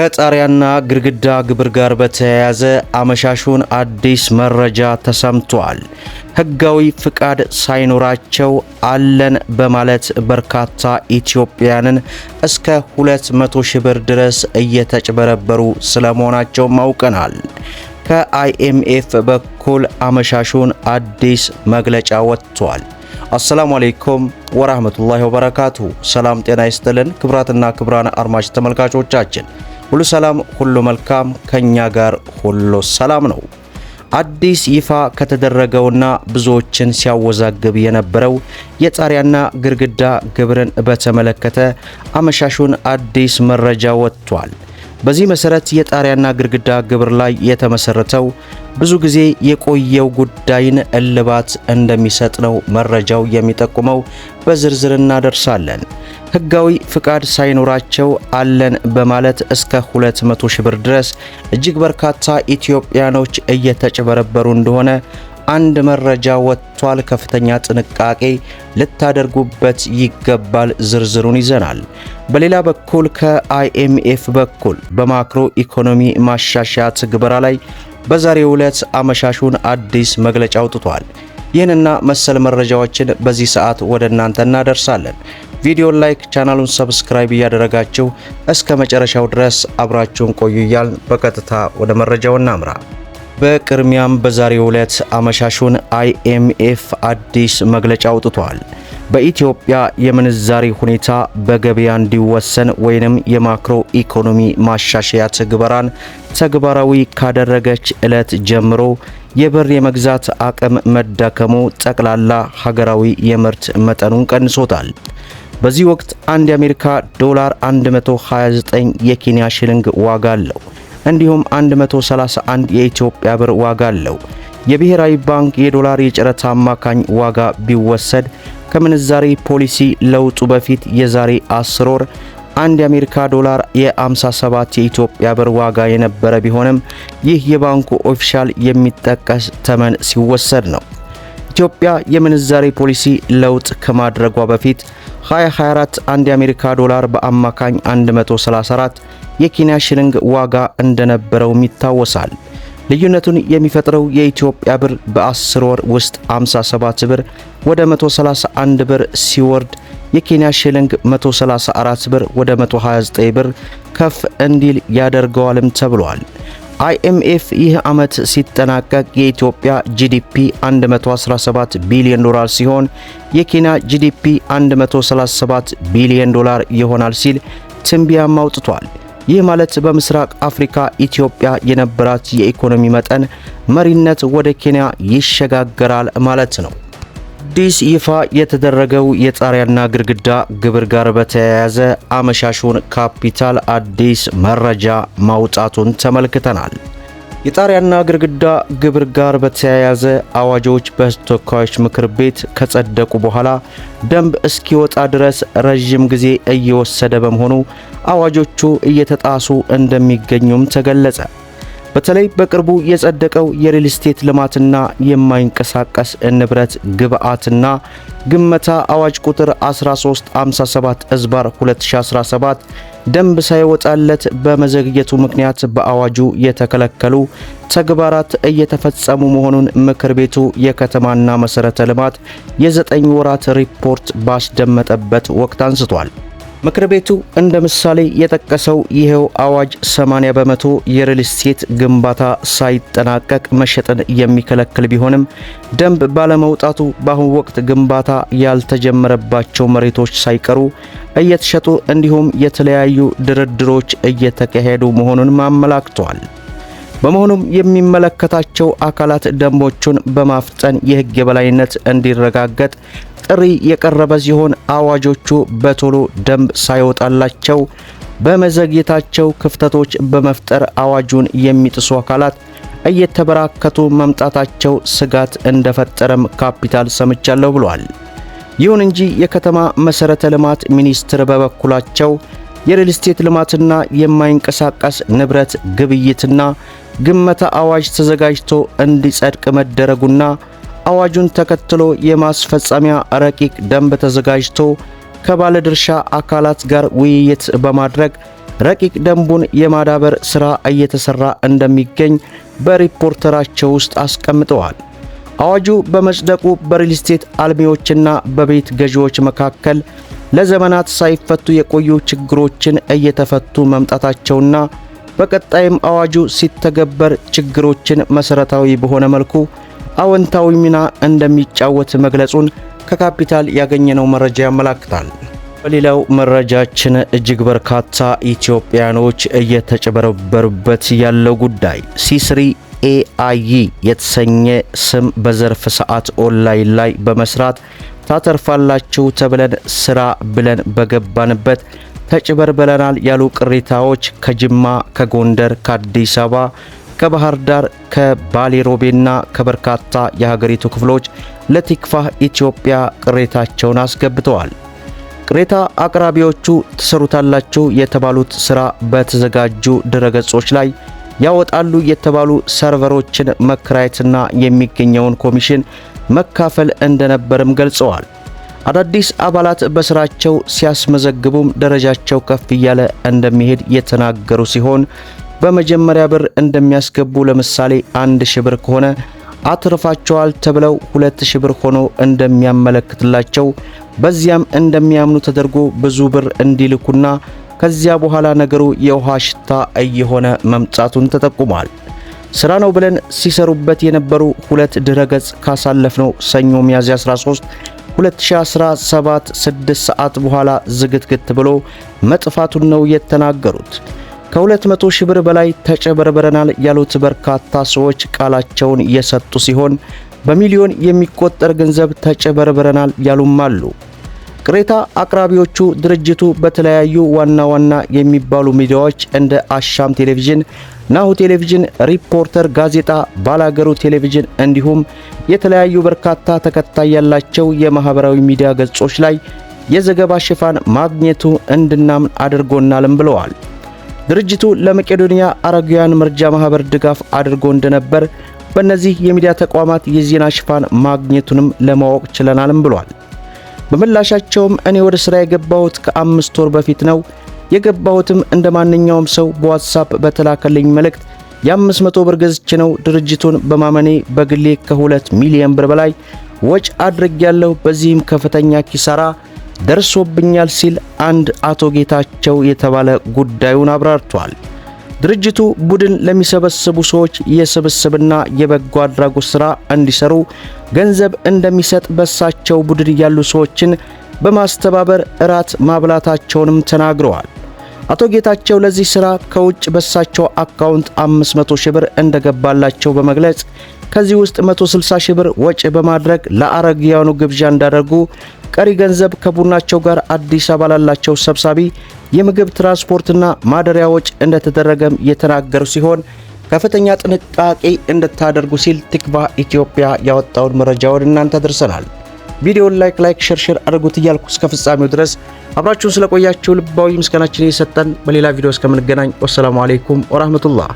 ከጣሪያና ግድግዳ ግብር ጋር በተያያዘ አመሻሹን አዲስ መረጃ ተሰምቷል። ሕጋዊ ፍቃድ ሳይኖራቸው አለን በማለት በርካታ ኢትዮጵያንን እስከ 200 ሺህ ብር ድረስ እየተጭበረበሩ ስለመሆናቸው አውቀናል። ከአይኤምኤፍ በኩል አመሻሹን አዲስ መግለጫ ወጥቷል። አሰላሙ አሌይኩም ወራህመቱላሂ ወበረካቱ። ሰላም ጤና ይስጥልን ክብራትና ክብራን አድማጭ ተመልካቾቻችን ሁሉ ሰላም፣ ሁሉ መልካም፣ ከኛ ጋር ሁሉ ሰላም ነው። አዲስ ይፋ ከተደረገውና ብዙዎችን ሲያወዛግብ የነበረው የጣሪያና ግድግዳ ግብርን በተመለከተ አመሻሹን አዲስ መረጃ ወጥቷል። በዚህ መሰረት የጣሪያና ግድግዳ ግብር ላይ የተመሰረተው ብዙ ጊዜ የቆየው ጉዳይን እልባት እንደሚሰጥ ነው መረጃው የሚጠቁመው። በዝርዝር እናደርሳለን። ህጋዊ ፍቃድ ሳይኖራቸው አለን በማለት እስከ 200 ሺህ ብር ድረስ እጅግ በርካታ ኢትዮጵያኖች እየተጭበረበሩ እንደሆነ አንድ መረጃ ወጥቷል። ከፍተኛ ጥንቃቄ ልታደርጉበት ይገባል። ዝርዝሩን ይዘናል። በሌላ በኩል ከአይኤምኤፍ በኩል በማክሮ ኢኮኖሚ ማሻሻያ ትግበራ ላይ በዛሬው ዕለት አመሻሹን አዲስ መግለጫ አውጥቷል። ይህንና መሰል መረጃዎችን በዚህ ሰዓት ወደ እናንተ እናደርሳለን። ቪዲዮን ላይክ፣ ቻናሉን ሰብስክራይብ እያደረጋችሁ እስከ መጨረሻው ድረስ አብራችሁን ቆዩ እያል በቀጥታ ወደ መረጃው እናምራ። በቅድሚያም በዛሬው ዕለት አመሻሹን አይኤምኤፍ አዲስ መግለጫ አውጥቷል። በኢትዮጵያ የምንዛሪ ሁኔታ በገበያ እንዲወሰን ወይንም የማክሮ ኢኮኖሚ ማሻሻያ ትግበራን ተግባራዊ ካደረገች ዕለት ጀምሮ የብር የመግዛት አቅም መዳከሙ ጠቅላላ ሀገራዊ የምርት መጠኑን ቀንሶታል። በዚህ ወቅት አንድ የአሜሪካ ዶላር 129 የኬንያ ሽልንግ ዋጋ አለው። እንዲሁም 131 የኢትዮጵያ ብር ዋጋ አለው። የብሔራዊ ባንክ የዶላር የጨረታ አማካኝ ዋጋ ቢወሰድ ከምንዛሬ ፖሊሲ ለውጡ በፊት የዛሬ 10 ወር አንድ የአሜሪካ ዶላር የ57 የኢትዮጵያ ብር ዋጋ የነበረ ቢሆንም ይህ የባንኩ ኦፊሻል የሚጠቀስ ተመን ሲወሰድ ነው። ኢትዮጵያ የምንዛሬ ፖሊሲ ለውጥ ከማድረጓ በፊት 2024 አንድ የአሜሪካ ዶላር በአማካኝ 134 የኬንያ ሽልንግ ዋጋ እንደነበረውም ይታወሳል። ልዩነቱን የሚፈጥረው የኢትዮጵያ ብር በ10 ወር ውስጥ 57 ብር ወደ 131 ብር ሲወርድ የኬንያ ሽልንግ 134 ብር ወደ 129 ብር ከፍ እንዲል ያደርገዋልም ተብሏል። አይኤምኤፍ ይህ ዓመት ሲጠናቀቅ የኢትዮጵያ ጂዲፒ 117 ቢሊዮን ዶላር ሲሆን የኬንያ ጂዲፒ 137 ቢሊዮን ዶላር ይሆናል ሲል ትንቢያም አውጥቷል። ይህ ማለት በምስራቅ አፍሪካ ኢትዮጵያ የነበራት የኢኮኖሚ መጠን መሪነት ወደ ኬንያ ይሸጋገራል ማለት ነው። አዲስ ይፋ የተደረገው የጣሪያና ግድግዳ ግብር ጋር በተያያዘ አመሻሹን ካፒታል አዲስ መረጃ ማውጣቱን ተመልክተናል። የጣሪያና ግድግዳ ግብር ጋር በተያያዘ አዋጆች በሕዝብ ምክር ቤት ከጸደቁ በኋላ ደንብ እስኪወጣ ድረስ ረዥም ጊዜ እየወሰደ በመሆኑ አዋጆቹ እየተጣሱ እንደሚገኙም ተገለጸ። በተለይ በቅርቡ የጸደቀው የሪል ስቴት ልማትና የማይንቀሳቀስ ንብረት ግብዓትና ግመታ አዋጅ ቁጥር 1357 እዝባር 2017 ደንብ ሳይወጣለት በመዘግየቱ ምክንያት በአዋጁ የተከለከሉ ተግባራት እየተፈጸሙ መሆኑን ምክር ቤቱ የከተማና መሠረተ ልማት የዘጠኝ ወራት ሪፖርት ባስደመጠበት ወቅት አንስቷል። ምክር ቤቱ እንደ ምሳሌ የጠቀሰው ይሄው አዋጅ 80 በመቶ የሪል ስቴት ግንባታ ሳይጠናቀቅ መሸጥን የሚከለክል ቢሆንም ደንብ ባለመውጣቱ በአሁኑ ወቅት ግንባታ ያልተጀመረባቸው መሬቶች ሳይቀሩ እየተሸጡ እንዲሁም የተለያዩ ድርድሮች እየተካሄዱ መሆኑን አመላክቷል። በመሆኑም የሚመለከታቸው አካላት ደንቦቹን በማፍጠን የህግ የበላይነት እንዲረጋገጥ ጥሪ የቀረበ ሲሆን አዋጆቹ በቶሎ ደንብ ሳይወጣላቸው በመዘግየታቸው ክፍተቶች በመፍጠር አዋጁን የሚጥሱ አካላት እየተበራከቱ መምጣታቸው ስጋት እንደፈጠረም ካፒታል ሰምቻለሁ ብሏል። ይሁን እንጂ የከተማ መሠረተ ልማት ሚኒስትር በበኩላቸው የሪል ስቴት ልማትና የማይንቀሳቀስ ንብረት ግብይትና ግመታ አዋጅ ተዘጋጅቶ እንዲጸድቅ መደረጉና አዋጁን ተከትሎ የማስፈጸሚያ ረቂቅ ደንብ ተዘጋጅቶ ከባለድርሻ አካላት ጋር ውይይት በማድረግ ረቂቅ ደንቡን የማዳበር ሥራ እየተሠራ እንደሚገኝ በሪፖርተራቸው ውስጥ አስቀምጠዋል። አዋጁ በመጽደቁ በሪልስቴት አልሚዎችና በቤት ገዢዎች መካከል ለዘመናት ሳይፈቱ የቆዩ ችግሮችን እየተፈቱ መምጣታቸውና በቀጣይም አዋጁ ሲተገበር ችግሮችን መሰረታዊ በሆነ መልኩ አወንታዊ ሚና እንደሚጫወት መግለጹን ከካፒታል ያገኘነው መረጃ ያመላክታል። በሌላው መረጃችን እጅግ በርካታ ኢትዮጵያኖች እየተጨበረበሩበት ያለው ጉዳይ ሲስሪ ኤአይ የተሰኘ ስም በዘርፍ ሰዓት ኦንላይን ላይ በመስራት ታተርፋላችሁ ተብለን ስራ ብለን በገባንበት ተጭበርበለናል ያሉ ቅሬታዎች ከጅማ፣ ከጎንደር፣ ከአዲስ አበባ፣ ከባህር ዳር፣ ከባሌ ሮቤና ከበርካታ የሀገሪቱ ክፍሎች ለቲክፋህ ኢትዮጵያ ቅሬታቸውን አስገብተዋል። ቅሬታ አቅራቢዎቹ ትሰሩታላችሁ የተባሉት ስራ በተዘጋጁ ድረገጾች ላይ ያወጣሉ የተባሉ ሰርቨሮችን መከራየትና የሚገኘውን ኮሚሽን መካፈል እንደነበርም ገልጸዋል። አዳዲስ አባላት በስራቸው ሲያስመዘግቡም ደረጃቸው ከፍ እያለ እንደሚሄድ የተናገሩ ሲሆን በመጀመሪያ ብር እንደሚያስገቡ ለምሳሌ አንድ ሺህ ብር ከሆነ አትርፋቸዋል ተብለው ሁለት ሺህ ብር ሆኖ እንደሚያመለክትላቸው በዚያም እንደሚያምኑ ተደርጎ ብዙ ብር እንዲልኩና ከዚያ በኋላ ነገሩ የውሃ ሽታ እየሆነ መምጣቱን ተጠቁሟል። ስራ ነው ብለን ሲሰሩበት የነበሩ ሁለት ድረገጽ ካሳለፍነው ሰኞ ሚያዝያ 13 2017 6 ሰዓት በኋላ ዝግትግት ብሎ መጥፋቱን ነው የተናገሩት። ከ200 ሺህ ብር በላይ ተጨበርበረናል ያሉት በርካታ ሰዎች ቃላቸውን የሰጡ ሲሆን በሚሊዮን የሚቆጠር ገንዘብ ተጨበርበረናል ያሉም አሉ። ቅሬታ አቅራቢዎቹ ድርጅቱ በተለያዩ ዋና ዋና የሚባሉ ሚዲያዎች እንደ አሻም ቴሌቪዥን ናሁ ቴሌቪዥን፣ ሪፖርተር ጋዜጣ፣ ባላገሩ ቴሌቪዥን እንዲሁም የተለያዩ በርካታ ተከታይ ያላቸው የማህበራዊ ሚዲያ ገጾች ላይ የዘገባ ሽፋን ማግኘቱ እንድናምን አድርጎናልም ብለዋል። ድርጅቱ ለመቄዶንያ አረጋውያን መርጃ ማህበር ድጋፍ አድርጎ እንደነበር በእነዚህ የሚዲያ ተቋማት የዜና ሽፋን ማግኘቱንም ለማወቅ ችለናልም ብሏል። በምላሻቸውም እኔ ወደ ሥራ የገባሁት ከአምስት ወር በፊት ነው የገባሁትም እንደ ማንኛውም ሰው በዋትሳፕ በተላከልኝ መልእክት የ500 ብር ገዝቼ ነው። ድርጅቱን በማመኔ በግሌ ከ2 ሚሊዮን ብር በላይ ወጪ አድርጌያለሁ። በዚህም ከፍተኛ ኪሳራ ደርሶብኛል ሲል አንድ አቶ ጌታቸው የተባለ ጉዳዩን አብራርቷል። ድርጅቱ ቡድን ለሚሰበስቡ ሰዎች የስብስብና የበጎ አድራጎት ሥራ እንዲሰሩ ገንዘብ እንደሚሰጥ በሳቸው ቡድን ያሉ ሰዎችን በማስተባበር እራት ማብላታቸውንም ተናግረዋል። አቶ ጌታቸው ለዚህ ስራ ከውጭ በሳቸው አካውንት 500 ሺህ ብር እንደገባላቸው በመግለጽ ከዚህ ውስጥ 160 ሺህ ብር ወጪ በማድረግ ለአረጋውያኑ ግብዣ እንዳደረጉ ቀሪ ገንዘብ ከቡናቸው ጋር አዲስ አበባ ላላቸው ሰብሳቢ የምግብ ትራንስፖርትና ማደሪያ ወጪ እንደተደረገም የተናገሩ ሲሆን ከፍተኛ ጥንቃቄ እንድታደርጉ ሲል ትክቫህ ኢትዮጵያ ያወጣውን መረጃ ወደ እናንተ ደርሰናል። ቪዲዮን ላይክ ላይክ ሼር ሼር አድርጉት እያልኩ እስከ ፍጻሜው ድረስ አብራችሁን ስለቆያችሁ ልባዊ ምስጋናችን እየሰጠን በሌላ ቪዲዮ እስከምንገናኝ ወሰላሙ አሌይኩም ወራህመቱላህ